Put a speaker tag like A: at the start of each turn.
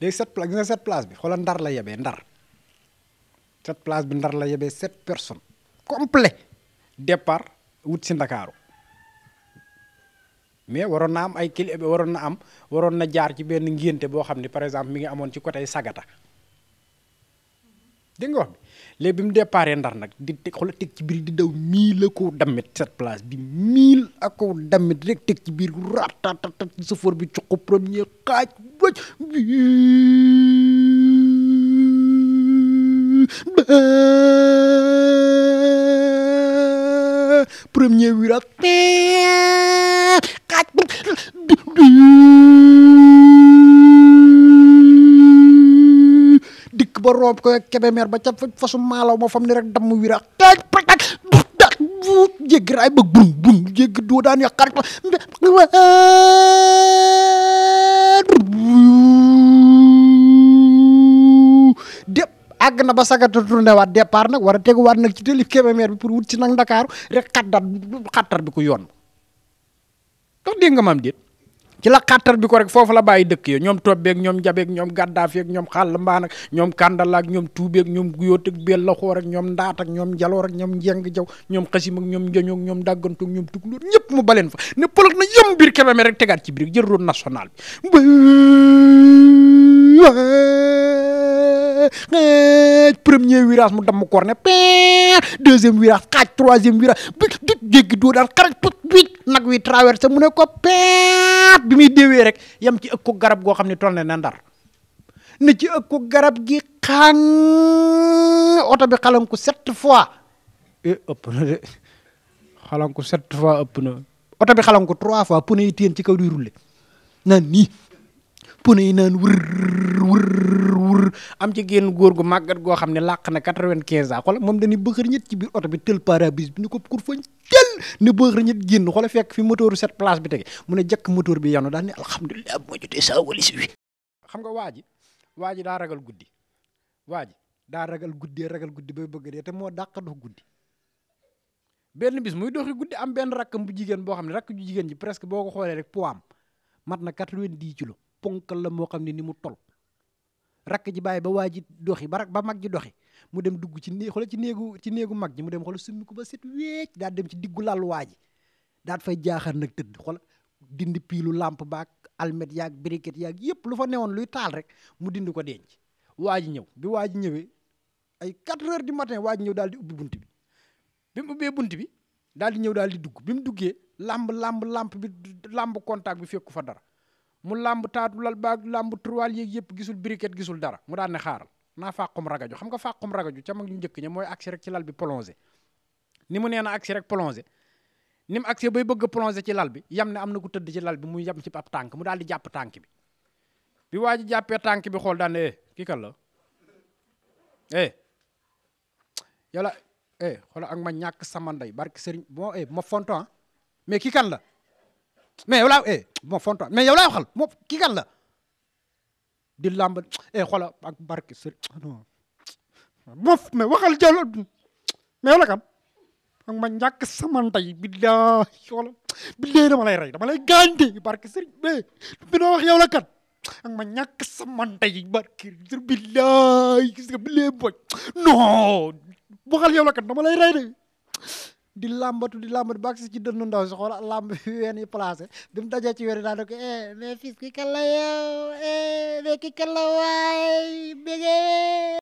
A: léegi sept place gis nga sept place bi xoolal ndar la yebee ndar sept place bi ndar la yebee sept personne complet départ wut si ndakaaru mais waroon na am ay kili waroon na am waroon na jaar ci benn ngénte boo xam ne par exemple mi ngi amoon ci côté Sagata dégg nga wax bi léegi bi mu déparé ndar nag di teg xoolal teg ci biir di daw mille ko damit cette place bi mille ak ko damit rek teg ci biir ratatatat sëfoor bi cuqu premier xaaj waj premier wiraat ba roob ko mer ba ca fasu malaw mo fam ni rek dam wi rek tak tak tak wut jégg raay ba bum bum jégg do dan ya xarit dep agna na ba sagata tourné waat départ nag war a tegu wat nak ci kebe mer bi pour wut ci nak dakar rek khatar xattar bi ko yoon tok de nga mam dit ci la xàttar bi ko rek fofu la baye dekk yo ya. ñom tobbe ak ñom jabe ak ñom gaddaf ak ñom xal mbaan ak ñom kàndala ak ñom tuube ak ñom guyot ak bel la xor ak ñom ndaat ak ñom jalor ak ñom jeng jaw ñom xasim ak ñom njoñoo ak ñom dagantu ak ñom tuklu ñëpp mu balen fa ne polok na yëm bir Kébémer rek tegaat ci bir jël route national bi premier virage mu dam koor ne deuxième virage xaaj troisième virage bi dégg do dal karak wicc nag wi traversé mu ne ko peep bi muy déwee rek yam ci ëkku garab goo xam ne toll ne na ndar ne ci ëkku garab gi xang oto bi xalan ko sept fois eh, ëpp de xalan ko sept fois ëpp na oto bi xalan ko trois fois pneu yi téen ci kaw di roulé naan nii pneu yi naan wër am ci génn góor gu màggat goo xam ne làq na quatre-vingt-quinze ans xoolal moom dañuy bëxër ñett ci biir oto bi tël pare-brise bi ni ko kur fañ jël ne bëxër ñett génn xoolal fekk fi moteur cette place bi tege mu ne jëkk moteur bi yanu daal ne alhamdulilah moo jotee saa walis wi xam nga waa ji waa ji daa ragal guddi waa daa ragal guddee ragal guddi bay bëgg dee te moo dàq dox guddi benn bis muy doxi guddi am benn rakkam bu jigéen boo xam ne rakk ju jigéen ji presque boo ko xoolee rek poids am mat na quatre-vingt-dix kilos moo xam ne ni mu tol rakk ji bàyyi ba waa ji doxi ba rak ba mag ji doxi mu dem dugg ci xoolal ci néegu ci néegu mag ji mu dem xoolal summi ko ba set weec daal dem ci diggu lalu waa ji daal fay jaaxar nag tëdd xoolal dindi piilu lampe baak almet yaag briquet yaag yëpp lu fa newoon luy taal rek mu dindi ko denc waa ji ñëw bi waa ji ñëwee ay 4 heures du matin waa ñëw daal di ubbi bunt bi bi mu ubbee bunt bi daal di ñëw daal di dugg bi mu duggee lamb lamb lamp bi lamb contact bi fekku fa dara mu làmb taatu lal baag làmb turwaal yeeg yëpp gisul briquet gisul dara mu daan ne xaaral naa fàqum ragaju xam nga fàqum ragaju ca mag ñu njëkk ña mooy agsi rek ci lal bi plongé ni mu nee na agsi rek plongé ni mu agsi bay bëgg a plongé ci lal bi yam ne am na ku tëdd ci lal bi mu yam ci ab tànk mu daal di jàpp waa ji jàppee tànk bi xool daan ne eh kii kan la eh, eh ak ma ñàkk sama ndey barke sëriñ moo eh ma fontan ah. mais kii kan la mais yow laa eh fonto mais yow laa waxal moom kii kan la di làmb eh xoola ak barke sër ah, non bon mais waxal jël mais yow la kam ak ma billaay xoola billaay dama lay noo wax yow la gis nga billaay dama lay rey de di lambatu di lambatu baksi ci deun ndaw si xool lamb fi wén yi placé bim dajé ci wéri ko eh mais fils ki kala yow eh mais ki kala way bégé